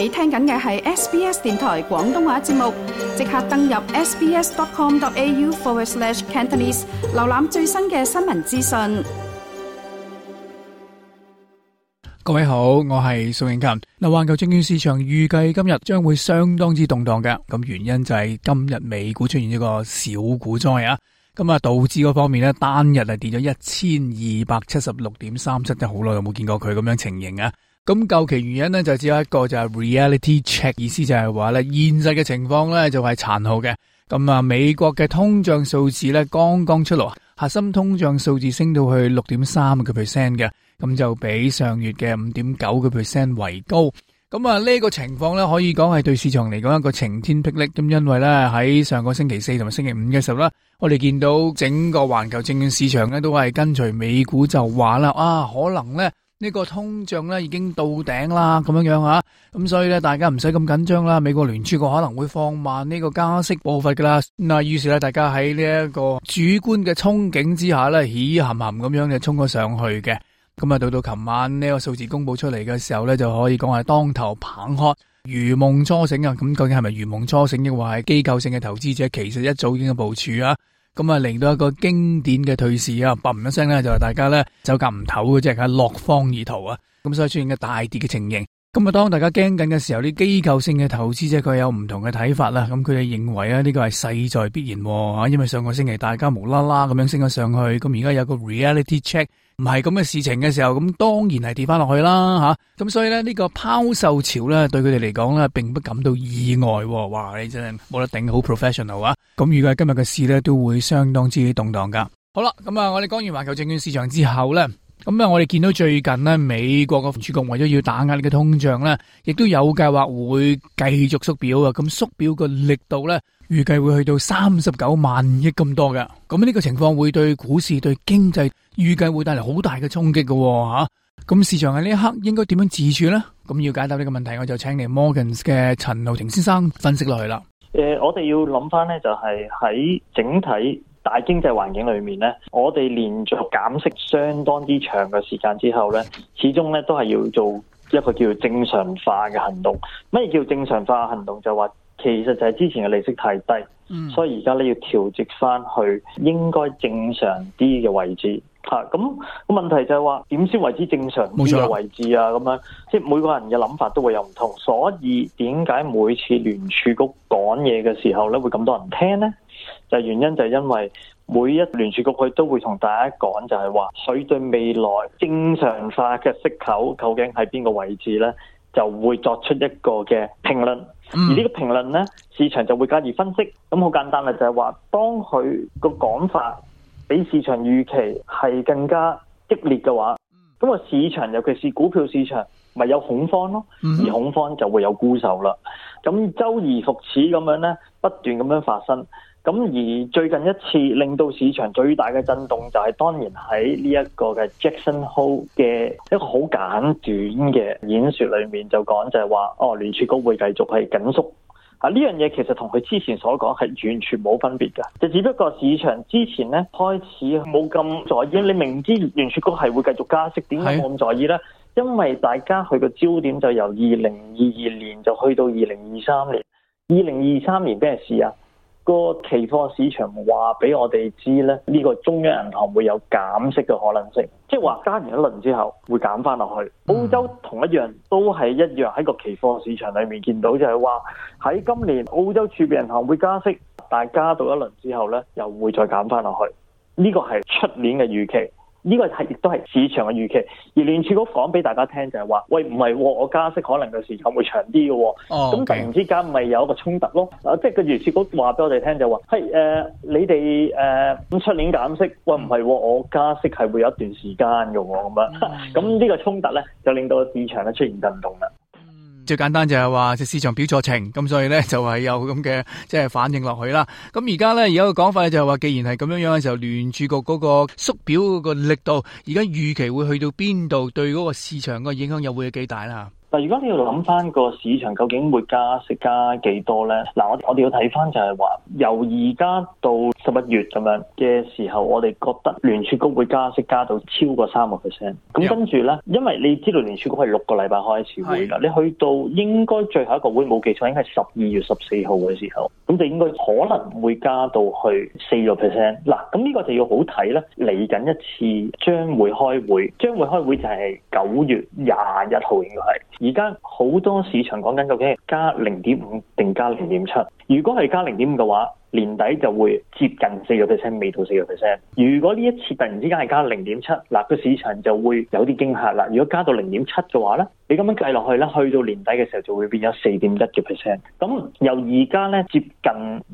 你聽緊嘅係 SBS 電台廣東話節目，即刻登入 sbs.com.au forward slash cantonese，an 瀏覽最新嘅新聞資訊。各位好，我係宋慶勤。嗱，環球證券市場預計今日將會相當之動盪嘅，咁原因就係今日美股出現一個小股災啊！咁啊，道指嗰方面咧，單日係跌咗一千二百七十六點三七，真係好耐有冇見過佢咁樣情形啊？咁究其原因呢，就只有一個就係 reality check，意思就係話咧，現實嘅情況呢，就係、是、殘酷嘅。咁啊，美國嘅通脹數字呢，剛剛出爐，核心通脹數字升到去六點三個 percent 嘅，咁就比上月嘅五點九個 percent 為高。咁啊，呢、呢個情況呢，可以講係對市場嚟講一個晴天霹靂。咁、啊、因為呢，喺上個星期四同埋星期五嘅時候咧，我哋見到整個環球證券市場呢，都係跟隨美股就話啦，啊可能呢。呢個通脹咧已經到頂啦，咁樣樣啊，咁所以咧大家唔使咁緊張啦。美國聯儲局可能會放慢呢個加息步伐噶啦。嗱，於是咧大家喺呢一個主觀嘅憧憬之下咧，起含含咁樣嘅衝咗上去嘅。咁啊，到到琴晚呢個數字公布出嚟嘅時候咧，就可以講係當頭棒喝，如夢初醒啊！咁究竟係咪如夢初醒，亦或係機構性嘅投資者其實一早已經部署啊？咁啊，令到一個經典嘅退市啊，嘣一聲咧就話大家咧走夾唔唞嘅啫，係落荒而逃啊！咁所以出現咗大跌嘅情形。咁啊，當大家驚緊嘅時候，啲機構性嘅投資者佢有唔同嘅睇法啦。咁佢哋認為啊，呢個係勢在必然吓，因為上個星期大家無啦啦咁樣升咗上去，咁而家有個 reality check。唔係咁嘅事情嘅時候，咁當然係跌翻落去啦，吓、啊、咁所以呢，呢、呢個拋售潮咧，對佢哋嚟講咧，並不感到意外、哦。哇，你真係冇得頂，好 professional 啊！咁預計今日嘅市呢，都會相當之動蕩噶。好啦，咁啊，我哋講完環球證券市場之後呢，咁啊，我哋見到最近呢，美國嘅儲局為咗要打壓呢個通脹呢，亦都有計劃會繼續縮表啊！咁、嗯、縮表嘅力度呢，預計會去到三十九萬億咁多㗎。咁呢個情況會對股市對經濟，預計會帶嚟好大嘅衝擊嘅吓，咁、啊、市場喺呢一刻應該點樣自處呢？咁要解答呢個問題，我就請嚟摩根嘅陳浩庭先生分析落去啦。誒、呃，我哋要諗翻呢，就係喺整體大經濟環境裏面呢，我哋連續減息相當之長嘅時間之後呢，始終呢都係要做一個叫正常化嘅行動。咩叫正常化嘅行動？就話其實就係之前嘅利息太低，嗯、所以而家你要調節翻去應該正常啲嘅位置。吓咁個問題就係話點先為之正常每個位置啊咁樣，即係、啊就是、每個人嘅諗法都會有唔同，所以點解每次聯儲局講嘢嘅時候咧會咁多人聽咧？就是、原因就係因為每一聯儲局佢都會同大家講，就係話佢對未來正常化嘅息口究竟喺邊個位置咧，就會作出一個嘅評論。嗯、而這個評論呢個評論咧，市場就會加以分析。咁好簡單啦，就係話當佢個講法。比市場預期係更加激烈嘅話，咁啊市場尤其是股票市場咪有恐慌咯，而恐慌就會有沽售啦。咁周而復始咁樣咧，不斷咁樣發生。咁而最近一次令到市場最大嘅震動就係當然喺呢一個嘅 Jackson Hole 嘅一個好簡短嘅演說裏面就講就係話，哦，聯儲局會繼續係緊縮。啊！呢樣嘢其實同佢之前所講係完全冇分別㗎。就只不過市場之前咧開始冇咁在意，你明知聯儲局係會繼續加息，點解冇咁在意呢？因為大家佢個焦點就由二零二二年就去到二零二三年，二零二三年咩事啊？個期貨市場話俾我哋知咧，呢、這個中央銀行會有減息嘅可能性，即係話加完一輪之後會減翻落去。澳洲同一樣都係一樣，喺個期貨市場裏面見到就，就係話喺今年澳洲儲備銀行會加息，但加到一輪之後咧又會再減翻落去。呢個係出年嘅預期。呢個係亦都係市場嘅預期，而聯儲局講俾大家聽就係話：喂，唔係喎，我加息可能嘅時間會長啲嘅喎。咁、oh, okay. 突然之間咪有一個衝突咯。嗱、呃，即係個聯儲局話俾我哋聽就話：係誒、呃，你哋誒咁出年減息，喂，唔係喎，我加息係會有一段時間嘅喎。咁樣咁呢、oh, okay. 個衝突咧，就令到市場咧出現震動啦。最簡單就係話即市場表錯情，咁所以咧就係有咁嘅即係反應落去啦。咁而家咧而家個講法就係話，既然係咁樣樣嘅時候，聯儲局嗰個縮表嗰個力度，而家預期會去到邊度，對嗰個市場嘅影響又會有幾大啦。但係如果你要諗翻個市場究竟會加息加幾多咧？嗱，我我哋要睇翻就係話，由而家到個月咁樣嘅時候，我哋覺得聯儲局會加息加到超過三個 percent。咁跟住咧，因為你知道聯儲局係六個禮拜開一次會啦，的你去到應該最後一個會冇記錯，應該係十二月十四號嘅時候，咁就應該可能會加到去四個 percent。嗱，咁呢個就要好睇啦。嚟緊一次將會開會，將會開會就係九月廿一號，應該係。而家好多市場講緊究竟加零點五定加零點七？如果係加零點五嘅話，年底就會接近四個 percent，未到四個 percent。如果呢一次突然之間係加零點七，嗱個市場就會有啲驚嚇啦。如果加到零點七嘅話咧，你咁樣計落去咧，去到年底嘅時候就會變咗四點一嘅 percent。咁由而家咧接近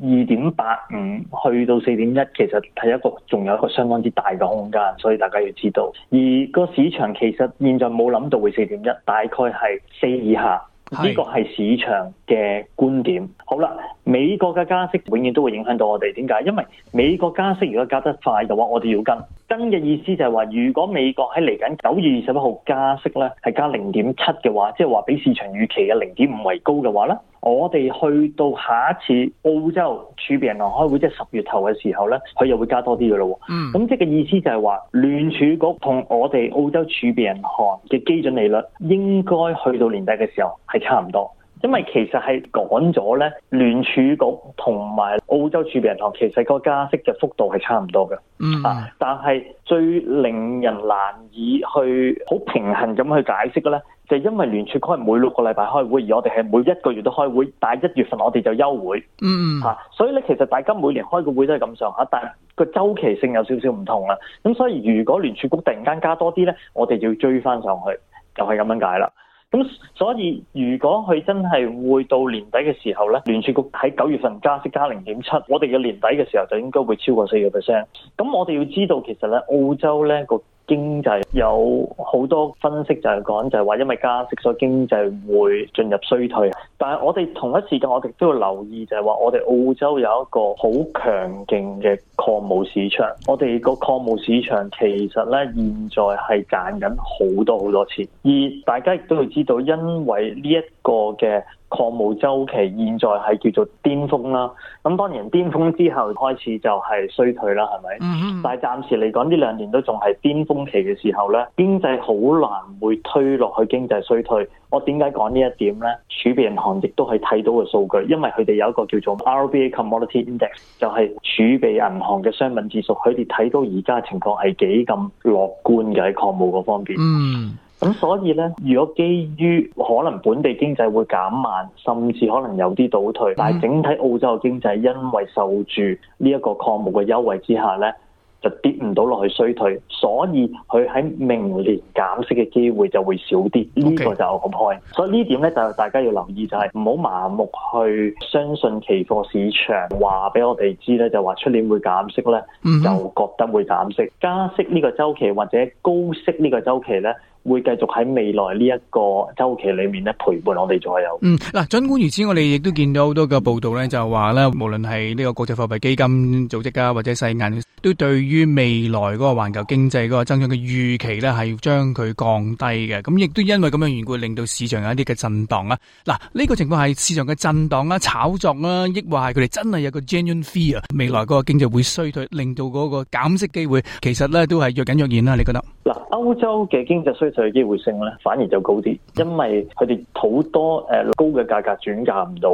二點八五去到四點一，其實係一個仲有一個相當之大嘅空間，所以大家要知道。而個市場其實現在冇諗到會四點一，大概係四以下。呢是個係市場嘅觀點。好啦，美國嘅加息永遠都會影響到我哋。點解？因為美國加息如果加得快嘅話，我哋要跟。跟嘅意思就係話，如果美國喺嚟緊九月二十一號加息咧，係加零點七嘅話，即係話比市場預期嘅零點五為高嘅話咧。我哋去到下一次澳洲儲備銀行開會，即係十月頭嘅時候咧，佢又會加多啲嘅咯。咁即係個意思就係話聯儲局同我哋澳洲儲備銀行嘅基準利率應該去到年底嘅時候係差唔多，因為其實係講咗咧，聯儲局同埋澳洲儲備銀行其實個加息嘅幅度係差唔多嘅。Mm hmm. 啊，但係最令人難以去好平衡咁去解釋嘅咧。就是因為聯儲局係每六個禮拜開會，而我哋係每一個月都開會，但係一月份我哋就休會，嚇、mm. 啊，所以咧其實大家每年開個會都係咁上下，但係個周期性有少少唔同啦。咁所以如果聯儲局突然間加多啲咧，我哋就要追翻上去，就係咁樣解啦。咁所以如果佢真係會到年底嘅時候咧，聯儲局喺九月份加息加零點七，我哋嘅年底嘅時候就應該會超過四個 percent。咁我哋要知道其實咧澳洲咧個。經濟有好多分析就係講，就係話因為加息，所以經濟會進入衰退。但係我哋同一時間，我哋都要留意，就係話我哋澳洲有一個好強勁嘅礦務市場。我哋個礦務市場其實呢，現在係賺緊好多好多錢，而大家亦都要知道，因為呢一個嘅。礦物周期現在係叫做巔峰啦，咁當然巔峰之後開始就係衰退啦，係咪？Mm hmm. 但係暫時嚟講呢兩年都仲係巔峰期嘅時候咧，經濟好難會推落去經濟衰退。我點解講呢一點咧？儲備銀行亦都係睇到個數據，因為佢哋有一個叫做 RBA Commodity Index，就係儲備銀行嘅商品指數，佢哋睇到而家情況係幾咁樂觀嘅喺礦物嗰方面。嗯、mm。Hmm. 咁、嗯、所以咧，如果基於可能本地經濟會減慢，甚至可能有啲倒退，嗯、但係整體澳洲經濟因為受住呢一個礦物嘅優惠之下咧，就跌唔到落去衰退，所以佢喺明年減息嘅機會就會少啲。呢 Okay. 個就咁開，所以點呢點咧就大家要留意、就是，就係唔好盲目去相信期貨市場話俾我哋知咧，就話出年會減息咧，就覺得會減息、嗯、加息呢個周期或者高息呢個周期咧。會繼續喺未來呢一個周期裏面咧陪伴我哋左右。嗯，嗱，儘管如此，我哋亦都見到好多嘅報道咧，就話咧，無論係呢個國際貨幣基金組織啊，或者世銀，都對於未來嗰個環球經濟嗰個增長嘅預期咧，係將佢降低嘅。咁亦都因為咁樣緣故，令到市場有一啲嘅震盪啊。嗱，呢個情況係市場嘅震盪啦、炒作啦，抑或係佢哋真係有個 genuine fear 未來個經濟會衰退，令到嗰個減息機會其實咧都係若隱若現啦。你覺得？嗱，歐洲嘅經濟衰退。對機會性咧反而就高啲，因為佢哋好多誒、呃、高嘅價格轉嫁唔到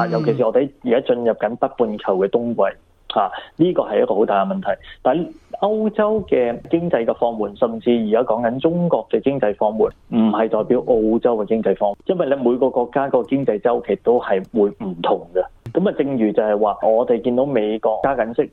啊！尤其是我哋而家進入緊北半球嘅冬季，嚇呢個係一個好大嘅問題。但歐洲嘅經濟嘅放緩，甚至而家講緊中國嘅經濟放緩，唔係代表澳洲嘅經濟放緩，因為咧每個國家個經濟周期都係會唔同嘅。咁啊，正如就係話，我哋見到美國加緊息，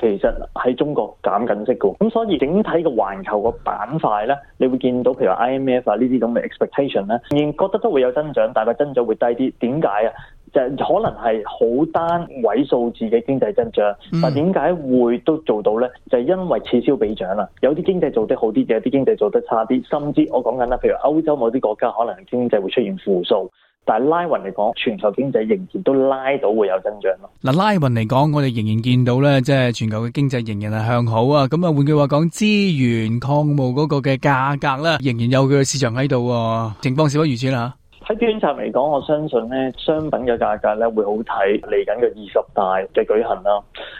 其實喺中國減緊息嘅，咁所以整體嘅環球個板塊咧，你會見到譬如 IMF 啊這些這呢啲咁嘅 expectation 咧，仍然覺得都會有增長，但係增長會低啲。點解啊？就可能係好單位數字嘅經濟增長，嗯、但點解會都做到咧？就係、因為此消彼長啦，有啲經濟做得好啲，有啲經濟做得差啲，甚至我講緊啦，譬如歐洲某啲國家可能經濟會出現負數。但係拉雲嚟講，全球經濟仍然都拉到會有增長咯。嗱，拉雲嚟講，我哋仍然見到咧，即係全球嘅經濟仍然係向好啊。咁啊，換句話講，資源礦物嗰個嘅價格咧，仍然有佢嘅市場喺度喎。情況是否如轉如此啦？喺觀察嚟講，我相信咧，商品嘅價格咧會好睇。嚟緊嘅二十大嘅舉行啦，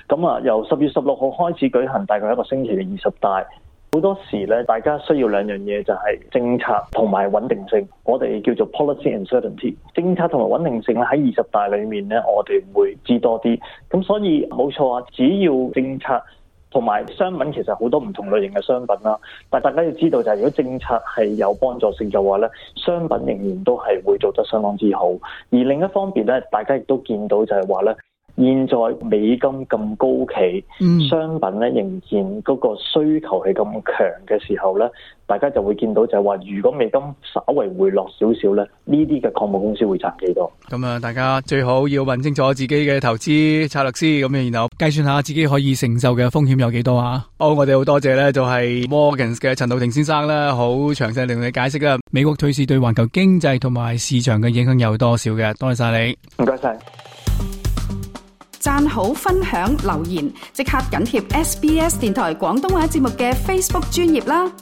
咁啊，由十月十六號開始舉行，大概一個星期嘅二十大。好多時咧，大家需要兩樣嘢就係政策同埋穩定性。我哋叫做 policy and certainty。政策同埋穩定性咧，喺二十大裏面咧，我哋會知多啲。咁所以冇錯啊，只要政策同埋商品，其實好多唔同類型嘅商品啦。但大家要知道就係，如果政策係有幫助性嘅話咧，商品仍然都係會做得相當之好。而另一方面咧，大家亦都見到就係話咧。現在美金咁高企，嗯，商品咧仍然嗰個需求係咁強嘅時候咧，大家就會見到就係話，如果美金稍微回落少少咧，呢啲嘅礦務公司會賺幾多？咁啊，大家最好要問清楚自己嘅投資策略師，咁樣，然後計算下自己可以承受嘅風險有幾多啊？好，oh，我哋好多謝咧，就係 Morgans 嘅陳浩庭先生啦，好詳細令你解釋啊，美國退市對環球經濟同埋市場嘅影響有多少嘅？多謝晒你，唔該晒。讚好分享留言，即刻緊貼 SBS 電台廣東話節目嘅 Facebook 專頁啦！